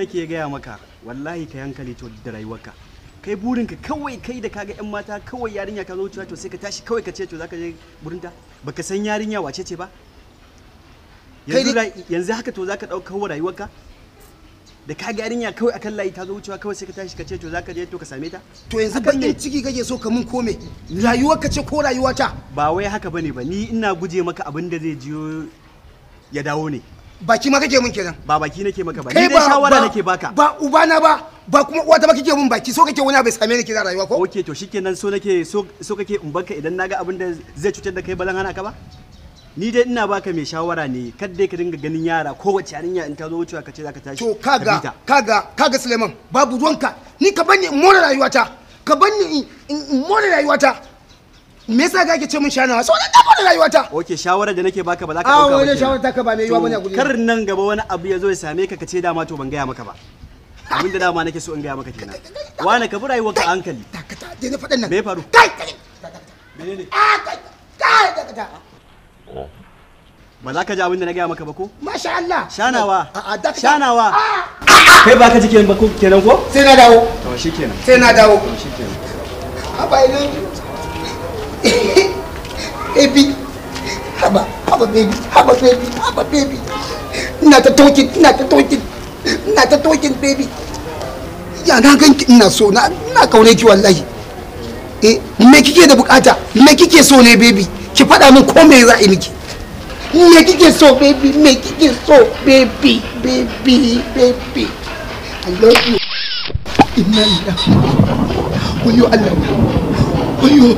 nake gaya maka wallahi ka yankali to da rayuwarka kai burinka kawai kai da kaga yan mata kawai yarinya ka zo cewa to sai ka tashi kawai ka ce to zaka je burinta baka san yarinya wace ce ba yanzu haka to zaka dauka wa rayuwarka da ka ga yarinya kawai akan layi ta zo wucewa kawai sai ka tashi ka ce to zaka je to ka same ta to yanzu bakin ciki kake so ka mun kome rayuwarka ce ko rayuwata ba wai haka bane ba ni ina guje maka abin da zai jiyo ya dawo ne baki ma kake mun kenan ba baki nake maka ba ni dai shawara nake baka ba ubana ba ba kuma uwa ta ba kike mun baki so kake wani abu same ni kira rayuwa ko okay to shikenan so nake so so kake in baka idan naga abin da zai cutar da kai balan hana ka ba ni dai ina baka mai shawara ne kar dai ka dinga ganin yara kowace yarinya in ta zo wucewa ka ce zaka tashi to kaga kaga kaga Suleiman babu ruwanka ni ka bani in more rayuwata ka bani in more rayuwata me yasa kake ce mun shanawa so dan dafa da rayuwata okay shawara da nake baka ba za ka dauka ah, ba wani shawara ta ka ba me yiwa bane gudu kar nan gaba wani abu ya zo ya same ka ka ce dama to ban gaya maka ba abinda dama nake so in gaya maka kenan wani ka bi rayuwar ka hankali dakata dai na faɗan nan me ya faru kai kai menene ah kai kai dakata ba za ka ji abin da na gaya maka ba ko? Masha Allah. Shanawa. A'a ah, ah, da Shanawa. Kai ba ka ji kenan ba ko? Sai na dawo. To shi kenan. Sai na dawo. To shi kenan. Abai baby haba haba baby haba baby haba baby ina ta tokin ina ta tokin ina ta tokin baby ya na ganki ina so na ina kaune ki wallahi eh me kike da bukata me kike so ne baby ki faɗa min ko me za a yi miki me kike so baby me kike so baby baby baby i love you inna lillahi wayo allah wayo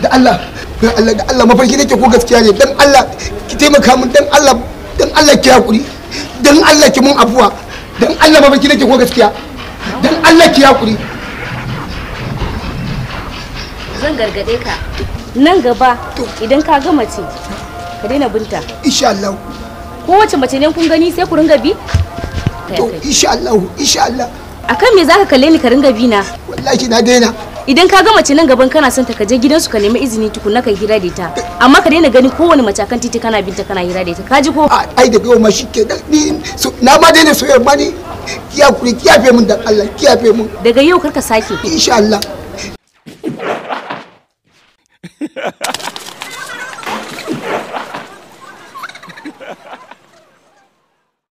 da Allah dan Allah da Allah mafarki nake ko gaskiya ne dan Allah ki taimaka min dan Allah dan Allah ki hakuri dan Allah ki mun afuwa dan Allah mafarki nake ko gaskiya dan Allah ki hakuri zan gargade ka nan gaba idan ka ga mace ka daina binta insha Allah ko wace mace ne kun gani sai ku ringa bi to insha Allah insha Allah akan me zaka kalle ni ka ringa bi na wallahi na daina idan ka ga mace nan gaban kana son ta kaje gidansu ka nemi izini tukuna kai hira da ita amma ka daina gani kowane mace kan titi kana binta kana hira da ita ka ji ko ai da yau ma shike ni na ma daina soyayya ma ni kiya kuri kiya fe mun da Allah kiya fe mun daga yau karka sake insha Allah